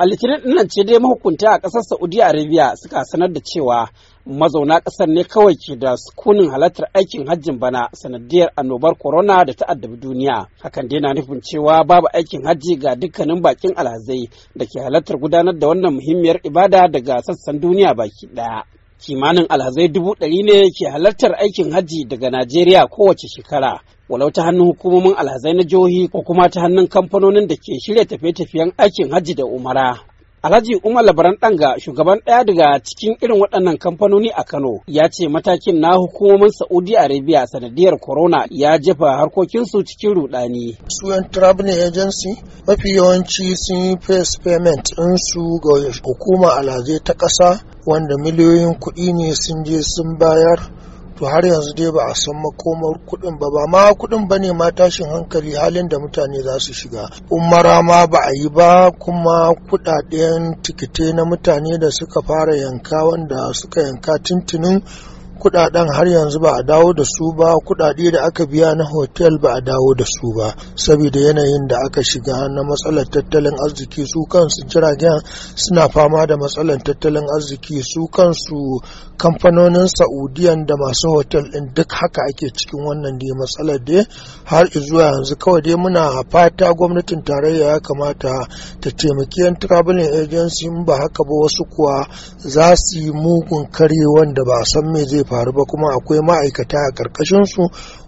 A litinin dinnan ce dai mahukunta a ƙasar Saudi Arabia suka sanar da cewa mazauna ƙasar ne kawai ke da sukunin halartar aikin hajjin bana sanadiyar annobar corona da ta addabi duniya. Hakan dai na nufin cewa babu aikin hajji ga dukkanin bakin alhazai da ke halartar gudanar da wannan muhimmiyar ibada daga sassan duniya baki ɗaya. kimanin alhazai dubu ɗari ne ke halartar aikin hajji daga najeriya kowace shekara walau ta hannun hukumomin alhazai na jihohi ko kuma ta hannun kamfanonin da ke shirya tafiye-tafiyen aikin hajji da umara Alhaji Umar Labaran Ɗanga shugaban ɗaya daga cikin irin waɗannan kamfanoni a Kano ya ce matakin na hukumomin Saudi Arabia sanadiyar corona ya jefa harkokinsu cikin rudani. Su yan agency mafi yawanci sun yi face payment in su ga hukumar alhazai ta ƙasa wanda miliyoyin kuɗi ne sun je sun bayar to har yanzu dai ba a san makomar kuɗin ba ba ma kuɗin ba ne ma tashin hankali halin da mutane za su shiga umara ma ba a yi ba kuma kuɗaɗen tikite na mutane da suka fara yanka wanda suka yanka tuntunin kudaden har yanzu ba a dawo da su ba kudade da aka biya na hotel ba a dawo da su ba saboda yanayin da aka shiga na matsalar tattalin arziki su kansu jiragen suna fama da matsalar tattalin arziki su kansu kamfanonin saudiyan da masu hotel din duk haka ake cikin wannan da matsalar dai har zuwa yanzu kawai dai muna fata gwamnatin tarayya ya kamata ta taimaki yan traveling agency ba haka ba wasu kuwa za su yi mugun kare wanda ba san me zai faru ba kuma akwai ma'aikata a ƙarƙashin su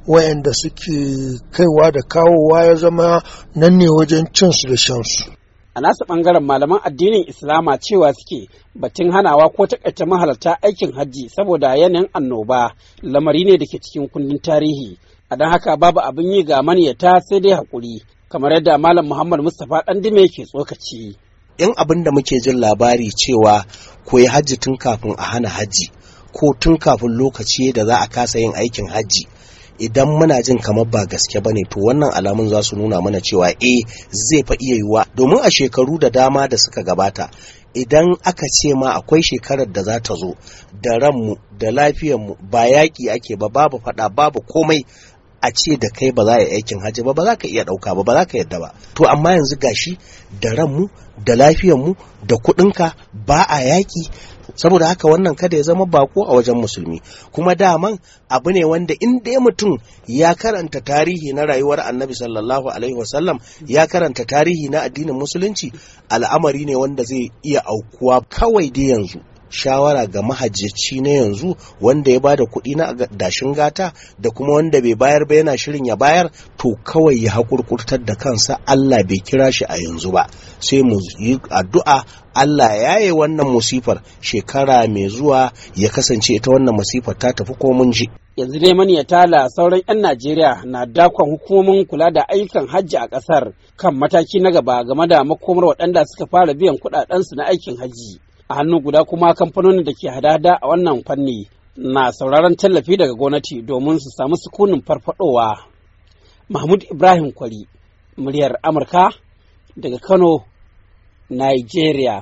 wayanda suke kaiwa da kawowa ya zama nan ne wajen cin su da shan su a nasu bangaren malaman addinin islama cewa suke batun hanawa ko takaita mahalarta aikin hajji saboda yanayin annoba lamari ne da ke cikin kundin tarihi a don haka babu abin yi ga maniyata sai dai haƙuri kamar yadda malam muhammad mustapha ɗandime ke tsokaci in abin da muke jin labari cewa koyi hajji tun kafin a hana hajji ko tun kafin lokaci da za a kasa yin aikin hajji idan muna jin kamar ba gaske ba ne to wannan alamun za su nuna mana cewa eh zai fa iya yiwuwa domin a shekaru da dama da suka gabata idan aka ce ma akwai shekarar da za ta zo da ranmu da lafiyarmu ba yaƙi ake ba babu faɗa babu komai a ce da kai ba za a yi aikin hajji ba ba za ka iya ɗauka ba ba za ka yadda ba to amma yanzu gashi da ranmu da lafiyarmu da kuɗinka ba a yaƙi saboda haka wannan kada ya zama bako a wajen musulmi kuma daman abu ne wanda in dai mutum ya karanta tarihi na rayuwar annabi sallallahu alaihi wasallam ya karanta tarihi na addinin musulunci al'amari ne wanda zai iya aukuwa kawai dai yanzu shawara ga mahajjaci na yanzu wanda ya bada kuɗi na dashin gata da kuma wanda bai bayar ba yana shirin ya bayar to kawai ya haƙurƙurtar da kansa Allah bai kira shi a yanzu ba sai mu yi addu'a Allah ya yi wannan musifar shekara mai zuwa ya kasance ita wannan musifar ta tafi ko mun ji yanzu dai ya tala sauran 'yan Najeriya na dakon hukumomin kula da ayyukan hajji a ƙasar kan mataki na gaba game da makomar waɗanda suka fara biyan kuɗaɗensu na aikin hajji. a hannu guda kuma kamfanonin da ke hada-hada a wannan fanni na sauraron tallafi daga gwamnati domin su samu sukunin farfadowa mahmud ibrahim kwari muryar amurka daga kano nigeria